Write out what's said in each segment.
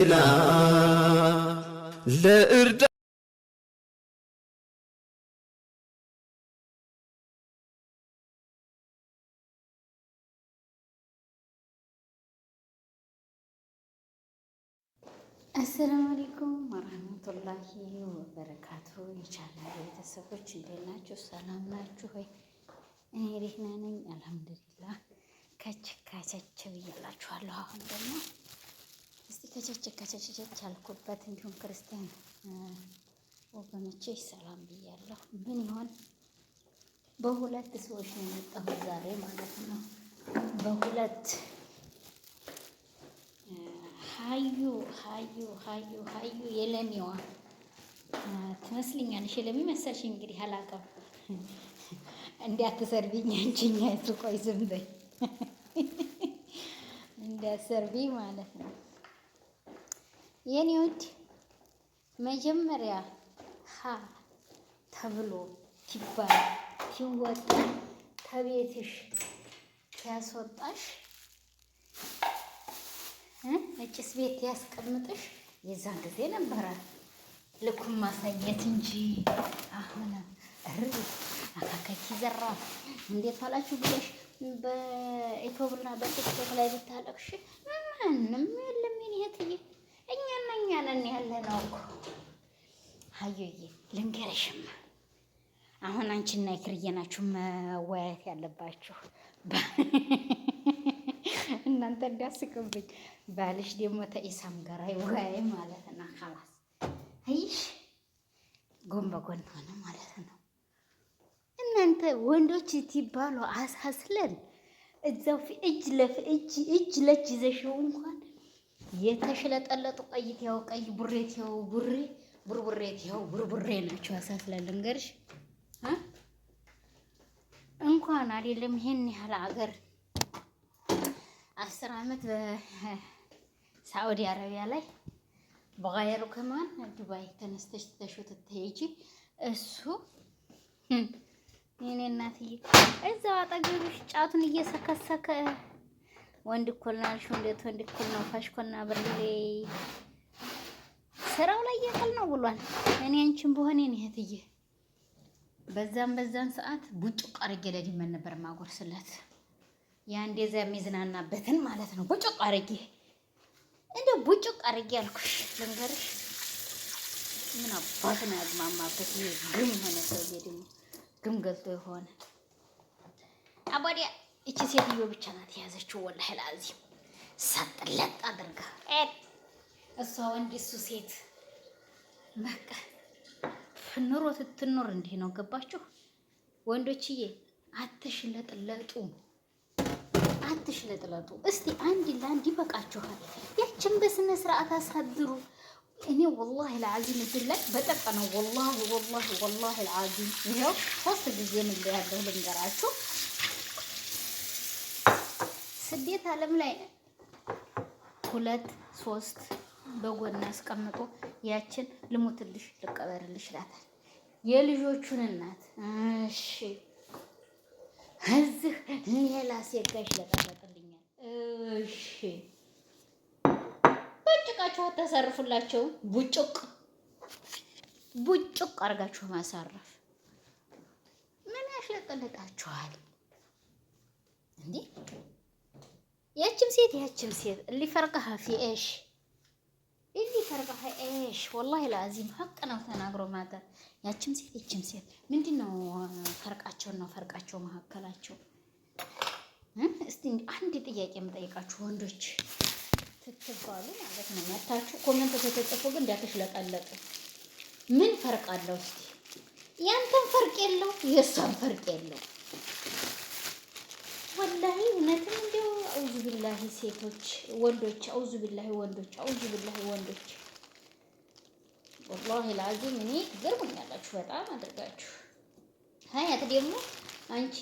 ለእርዳ አሰላሙ አለይኩም ወራህመቱላሂ ወበረካቱ። የቻናል ቤተሰቦች እንዴት ናችሁ? ሰላም ናችሁ ወይ? እኔ ደህና ነኝ አልሐምዱሊላህ። ከች ካቸቸው እያላችኋለሁ አሁን ደግሞ ከቸች ከቸች ቸች አልኩበት። እንዲሁም ክርስቲያን ወገኖቼ ሰላም ብያለሁ። ምን ይሆን በሁለት ሰዎች ነው የመጣሁ ዛሬ ማለት ነው። በሁለት ሀዩ ሀዩ ሀዩ ሀዩ የለሚዋ ትመስልኛለሽ። የለሚ መሰልሽ እንግዲህ አላውቅም። እንዲያትሰርቢኝ አንቺኛ የቱ ቆይ ዝም በይ እንዲያሰርቢኝ ማለት ነው የኔ ውድ መጀመሪያ ሀ ተብሎ ሲባል ሲወጣ ከቤትሽ ሲያስወጣሽ እጭስ ቤት ያስቀምጥሽ የዛን ጊዜ ነበረ ልኩን ማሳየት እንጂ አሁን እሪ አካካኪ ዘራ እንዴት ዋላችሁ ብለሽ በኢትዮብና በቲክቶክ ላይ ብታለቅሽ ማንም የለም የኔ እህትዬ ያንን ያለ ነው እኮ ሀዩዬ። ልንገረሽማ አሁን አንቺና ይክርዬ ናችሁ መወያየት ያለባችሁ። እናንተ እንዲያስቅብኝ ባልሽ ደግሞ ተኢሳም ጋር ይወያይ ማለት ነው። ካላስ አይሽ ጎን በጎን ሆነ ማለት ነው። እናንተ ወንዶች ትባሉ አሳስለን እዛው እጅ እጅ እጅ ለእጅ ይዘሽው እንኳን የተሽለጠለጡ ቀይት ያው ቀይ ቡሬት ያው ቡሬ ቡርቡሬት ያው ቡርቡሬ ናቸው። አሳፍላለን ገርሽ እንኳን አይደለም ይሄን ያህል አገር አስር አመት በሳዑዲ አረቢያ ላይ በጋየሩ ከማን ዱባይ ተነስተሽ ትተሽው ትተሄጂ እሱ የኔ እናትዬ እዛው አጠገብሽ ጫቱን እየሰከሰከ ወንድ እኩል ነው እንዴት ወንድ እኩል ነው? ፋሽኮና ብርሌ ስራው ላይ ያቀል ነው ብሏል። እኔ አንቺን በሆነ እኔ እህትዬ በዛም በዛን ሰዓት ቡጭቅ አርጌ ለድመን ነበር ማጎርስለት ያ እንደዛ የሚዝናናበትን ማለት ነው። ቡጭቅ አርጌ እንደ ቡጭቅ አርጌ አልኩሽ ልንገርሽ፣ ምን አባት ነው ያግማማበት ግም የሆነ ሰው ግም ገልጦ የሆነ አባዲያ እቺ ሴትዮ ብቻ ናት የያዘችው። ወላሂ ለአዚም ሰጥ ለጥ አድርጋ እሷ ወንድ እሱ ሴት በቃ ኑሮ ትትኖር እንዲህ ነው። ገባችሁ ወንዶችዬ? አትሽለጥለጡ አትሽለጥለጡ። እስቲ አንድ ለአንድ ይበቃችኋል። ያችን በስነ ስርዓት አሳድሩ። እኔ ወላሂ ለአዚም እድል ላይ በጠጥ ነው። ወላሂ ወላሂ ወላሂ ለአዚም ይኸው ሶስት ጊዜ ምንለያለሁ ልንገራችሁ ስደት ዓለም ላይ ሁለት ሶስት በጎን አስቀምጦ ያችን ልሙትልሽ ልቀበርልሽ ይላታል። የልጆቹን እናት እሺ፣ እዚህ ሌላ ሴጋሽ ለጠበቅልኛል። እሺ፣ በጭቃችሁ አታሳርፉላቸው። ቡጭቅ ቡጭቅ አድርጋችሁ ማሳረፍ ምን ያሽለጠለጣችኋል እንዴ? ያችም ሴት ያችም ሴት اللي فرقها في ايش اللي فرقها ايش والله العظيم حق ነው ተናግሮ ማጠር ያችም ሴት ያችም ሴት ምንድን ነው ፈርቃቸው ነው ፈርቃቸው መካከላቸው እስቲ አንድ ጥያቄ የምጠይቃችሁ ወንዶች ትትባሉ ማለት ነው መታችሁ ኮሜንት ተተጽፎ ግን እንዳትሽለቀለቁ ምን ፈርቅ አለው እስቲ ያንተን ፈርቅ የለው የእሷን ፈርቅ የለው ወላሂ እውነትም እንዲያው አውዙ ቢላሂ ሴቶች ወንዶች፣ አውዙ ቢላሂ ወንዶች፣ አውዙ ቢላሂ ወንዶች። ወላሂ ለአዚም እኔ ትገርሙኛላችሁ በጣም አድርጋችሁ። ሀያት ደግሞ አንቺ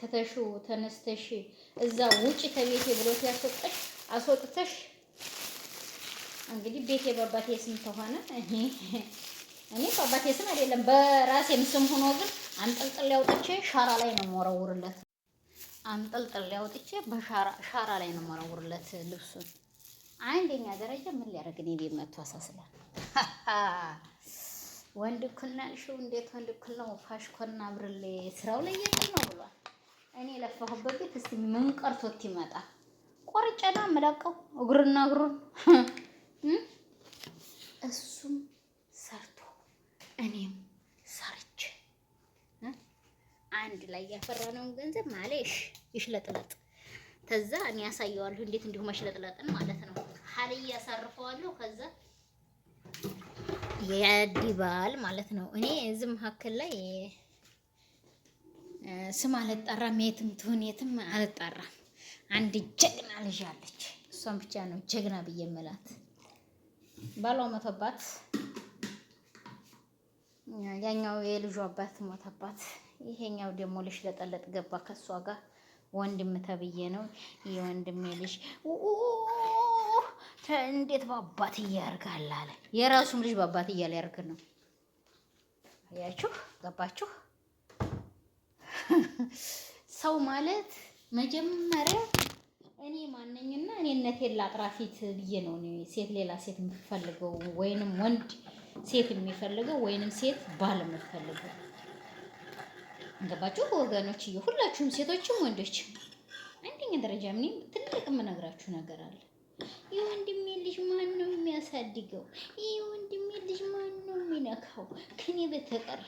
ተተሹ ተነስተሽ እዛ ውጭ ከቤቴ ብሎት ያስወጣሽ አስወጥተሽ እንግዲህ ቤቴ በአባቴ ስም ተሆነ እኔ በአባቴ ስም አይደለም በራሴም ስም ሆኖ ግን አንጠልጥል ያውጥቼ ሻራ ላይ ነው የምወረውርለት። አንጠልጥል ሊያወጥቼ በሻራ ላይ ነው መረውርለት ልብሱን። አንደኛ ደረጃ ምን ሊያደርግ እኔ ቤት መጥቶ አሳስላል። ወንድ እኩል ናልሽው፣ እንዴት ወንድ እኩል ነው? ፋሽኮና ብርሌ ስራው ላይ የለም ነው ብሏል። እኔ የለፋሁበት ቤት እስቲ ምን ቀርቶት ይመጣ? ቆርጨና የምለቀው እግርና እግሩን እሱም ሰርቶ እኔም አንድ ላይ ያፈራነውን ገንዘብ ማለሽ ይሽለጥለጥ። ከዛ እኔ ያሳየዋለሁ እንዴት እንዲሁ መሽለጥለጥን ማለት ነው። ሀል ያሳርፈዋለሁ። ከዛ የዲባል ማለት ነው። እኔ እዚህ መካከል ላይ ስም አልጠራም፣ የትም ትሁን የትም አልጠራም። አንድ ጀግና ልጅ አለች። እሷን ብቻ ነው ጀግና ብዬ የምላት። ባሏ ሞተባት፣ ያኛው የልጁ አባት ሞተባት። ይሄኛው ደግሞ ልሽለጠለጥ ገባ ከእሷ ጋር ወንድም ተብዬ ነው የወንድሜ ልጅ እንዴት ባባት እያርጋል አለ። የራሱም ልጅ ባባት እያለ ያርግ ነው። አያችሁ፣ ገባችሁ? ሰው ማለት መጀመሪያ እኔ ማነኝና እኔነቴን ላጥራ ፊት ብዬ ነው ሴት ሌላ ሴት የምፈልገው ወይንም ወንድ ሴት የሚፈልገው ወይንም ሴት ባል የምፈልገው ገባችሁ ወገኖች? ሁላችሁም ሴቶችም ወንዶች አንደኛ ደረጃ ምን ትልቅ የምነግራችሁ ነገር አለ። የወንድሜ ልጅ ማን ነው የሚያሳድገው? የወንድሜ ልጅ ማን ነው የሚነካው? ከኔ በተቀር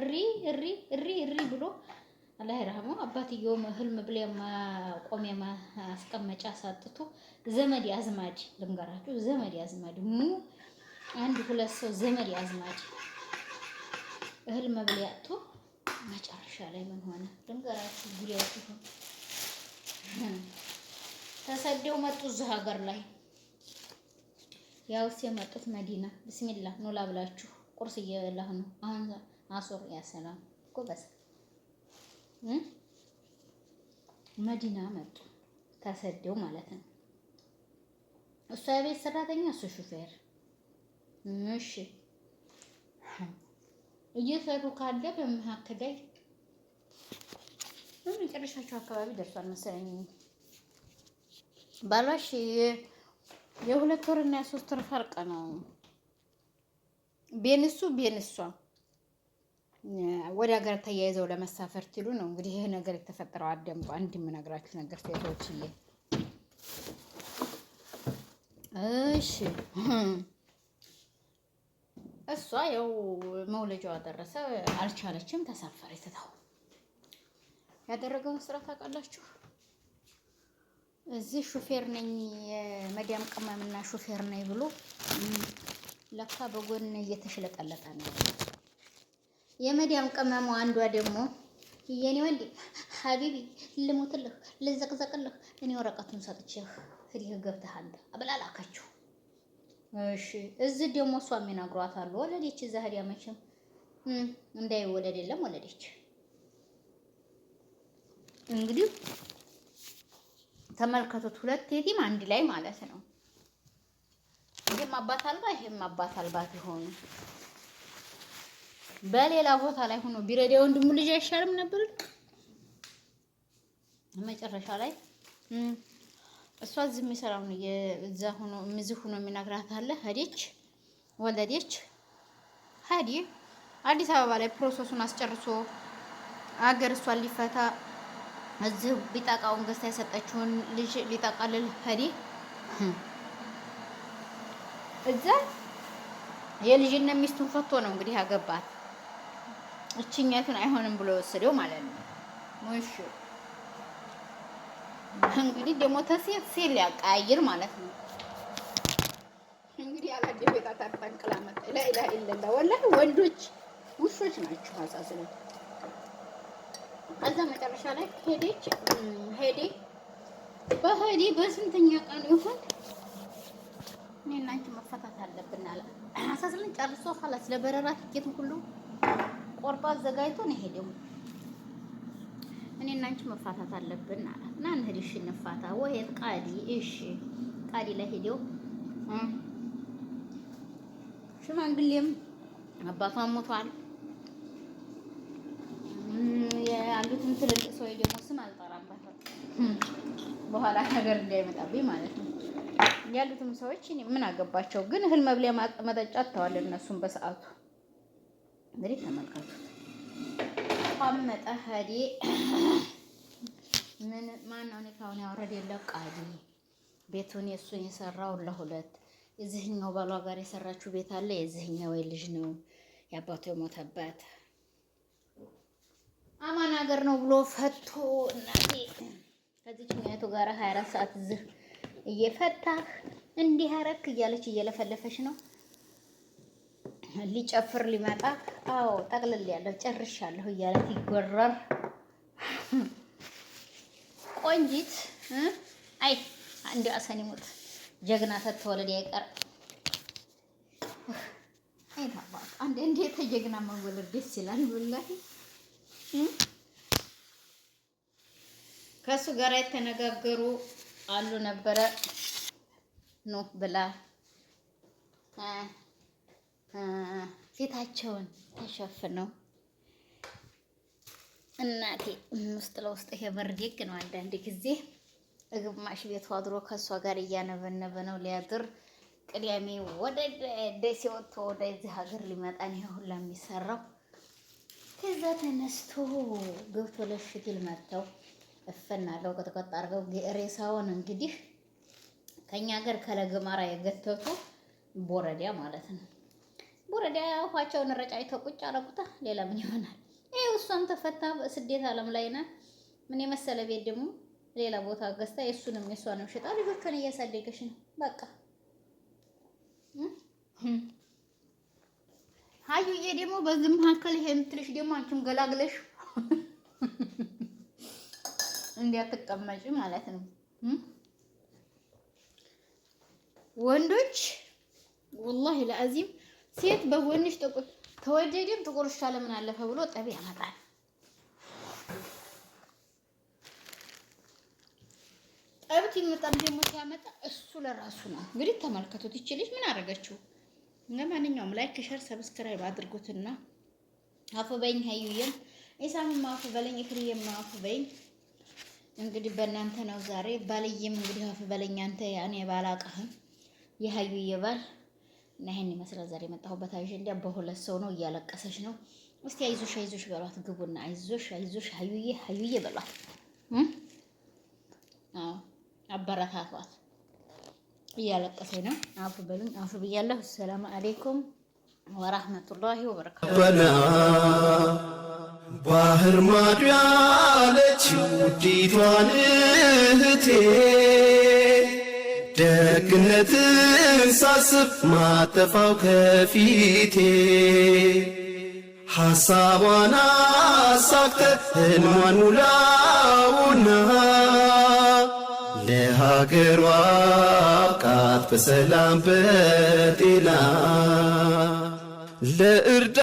እሪ እሪ እሪ እሪ ብሎ አላህ ይርሐመው አባትየው ህልም ብሎ የማቆሚያ ማስቀመጫ ሳጥቶ ዘመድ አዝማድ ልንገራችሁ፣ ዘመድ አዝማድ ሙ አንድ ሁለት ሰው ዘመድ አዝማድ እህል መብያ ያጥቶ መጨረሻ ላይ ምን ሆነ ድንገራችሁ ጉዳያችሁ ተሰደው መጡ እዚህ ሀገር ላይ ያው የመጡት መዲና ብስሚላ ኑላ ላብላችሁ ቁርስ እየበላሁ ነው አሁን አሶር ያሰላም ጎበዝ መዲና መጡ ተሰደው ማለት ነው እሷ የቤት ሰራተኛ እሱ ሹፌር እሺ እየሰሩ ካለ በመካከል ላይ በመጨረሻቸው አካባቢ ደርሷል መሰለኝ ባሏሽ የሁለት ወር እና የሶስት ወር ፈርቅ ነው። ቤንሱ ቤንሷ ወደ ሀገር ተያይዘው ለመሳፈር ትሉ ነው እንግዲህ ይሄ ነገር የተፈጠረው። አደምጡ አንድ የምነግራችሁ ነገር ሴቶችዬ፣ እሺ እሷ ያው መውለጃዋ ደረሰ፣ አልቻለችም፣ ተሳፈረ ትታው ያደረገውን ስራ ታውቃላችሁ። እዚህ ሹፌር ነኝ የመዲያም ቅመምና ሹፌር ነኝ ብሎ ለካ በጎን እየተሽለጠለጠ ነው። የመዲያም ቅመሙ አንዷ ደግሞ የኔ ወንድ ሀቢቢ ልሞትልህ፣ ልዘቅዘቅልህ እኔ ወረቀቱን ሰጥቼህ ሂደህ ገብተሃል አብላላካችሁ እሺ እዚህ ደግሞ እሷ የሚነግሯታሉ ወለደች። እዛ መቼም እንዳይ ወለድ የለም ወለደች። እንግዲህ ተመልከቱት፣ ሁለት የቲም አንድ ላይ ማለት ነው። ይሄም አባት አልባ ይሄም አባት አልባት ሆኑ። በሌላ ቦታ ላይ ሆኖ ቢረዳ ወንድሙ ልጅ አይሻልም ነበር? መጨረሻ ላይ እሷ እዚህ ነው የዛ ሆኖ ምዝህ ሆኖ የሚናግራት አለ ሄደች ወለደች ሄዲ አዲስ አበባ ላይ ፕሮሰሱን አስጨርሶ አገር እሷን ሊፈታ እዚህ ቢጠቃውን ገዝታ የሰጠችውን ልጅ ሊጠቃልል ሄዲ እዛ የልጅነ ሚስቱን ፈቶ ነው እንግዲህ ያገባት እችኛቱን አይሆንም ብሎ ወሰደው ማለት ነው። እንግዲህ ደግሞ ተሴት ሴት ሊያቃይር ማለት ነው። እንግዲህ ያላደፈታ ታጠንቅላ መጣ። ላኢላሀ ኢለላህ ወላሂ ወንዶች ውሾች ናቸው። አሳዝነ ከዛ መጨረሻ ላይ ሄደች ሄዴ በሄዴ በስንተኛ ቀን ይሆን እኔ እና አንቺ መፈታት አለብን አለ አሳዝነ ጨርሶ ካላስ ለበረራ ትኬቱን ሁሉ ቆርጦ አዘጋጅቶ ነው ሄደው እኔ እና አንቺ መፋታት አለብን አላት። ና እንሂድ፣ እሺ እንፋታ። ወይት ቃዲ እሺ ቃዲ ላይ ሄደው ሽማግሌም አባቷ ሞቷል። ያሉትም ትልልቅ ሰው ደግሞ ስም አልጠራባትም በኋላ ነገር እንዳይመጣብኝ ማለት ነው። ያሉትም ሰዎች ምን አገባቸው ግን እህል መብሊያ መጠጫ ተዋል። እነሱም በሰዓቱ እንግዲህ ተመልከቱ። ተቋመጠ ሀዲ ምን ማነው እኔ ካሁን ያወረድ ቃዲ ቤቱን የእሱን የሰራው ለሁለት የዚህኛው ባሏ ጋር የሰራችው ቤት አለ። የዚህኛው ልጅ ነው የአባቱ የሞተበት አማን ሀገር ነው ብሎ ፈቶ እናቴ ከዚች ጋር ሰዓት ዝህ እየፈታህ እንዲህ አረክ እያለች እየለፈለፈች ነው ሊጨፍር ሊመጣ አዎ ጠቅልል ያለሁ ጨርሻለሁ እያለት ይጎረር። ቆንጂት አይ እንዲ አሰኒ ሞት ጀግና ተተወለድ አይቀር አንድ እንዴት ጀግና መወለድ ደስ ይላል። ወላሂ ከሱ ጋር የተነጋገሩ አሉ ነበረ ኖ ብላ ፊታቸውን ተሸፍነው እናቴ ውስጥ ለውስጥ ይሄ በርዴግ ነው። አንዳንድ ጊዜ ግማሽ ቤቷ አድሮ ከእሷ ጋር እያነበነበ ነው ሊያድር። ቅዳሜ ወደ ደሴ ወጥቶ ወደዚህ ሀገር ሊመጣ ነው ሁላ የሚሰራው። ከዛ ተነስቶ ገብቶ ለሽግል መጥተው እፈናለው አድርገው ቅጥቅጥ አድርገው ሬሳውን እንግዲህ ከእኛ ሀገር ከለግማራ የገተቱ ቦረዲያ ማለት ነው ወረዳ ውሃቸውን ረጫጭተው ቁጭ አረጉታ። ሌላ ምን ይሆናል? ይኸው እሷም ተፈታ ስደት አለም ላይ ናት። ምን የመሰለ ቤት ደግሞ ሌላ ቦታ ገዝታ የእሱንም የእሷንም ሽጣ ልጆቿን እያሳደገች ነው። በቃ ሀዩዬ ደግሞ በዚህ መካከል ይሄ የምትልሽ ደግሞ አንቺም ገላግለሽ እንዲያትቀመጭ ማለት ነው። ወንዶች ወላሂ ለአዚም ሴት በጎንሽ ጥቁር ተወደደም ጥቁር ሻለ ምን አለፈ ብሎ ጠብ ያመጣል። ጠብት ይመጣል። ደግሞ ሲያመጣ እሱ ለራሱ ነው። እንግዲህ ተመልከቱት። ይችልሽ ምን አደረገችው? ለማንኛውም ላይክ፣ ሸር፣ ሰብስክራይብ አድርጉትና አፉ በኝ ሀዩዬም ኢሳምም አፉ በለኝ ክሪየም አፉ በኝ እንግዲህ በእናንተ ነው ዛሬ ባልዬም እንግዲህ አፉ በለኝ አንተ ያኔ ባላቃህም የሀዩዬ ባል እና ይሄን ይመስላል ዛሬ የመጣሁበት አጀንዳ። በሁለት ሰው ነው እያለቀሰች ነው። እስቲ አይዞሽ አይዞሽ በሏት፣ ግቡና አይዞሽ አይዞሽ ሀዩዬ ሀዩዬ በሏት። አበረታቷት። እያለቀሰኝ ነው። አፉ በሉኝ አፉ ብያለሁ። ሰላም አሌይኩም ወራህመቱላሂ ወበረካቱ። ባህር ማዶ ያለች ውዲቷን እህቴ ደግነት ሳስብ ማጠፋው ከፊቴ ሐሳቧን አሳክተ ሕልሟን ሙላውና ለሀገሯ አብቃት በሰላም በጤና ለእርዳ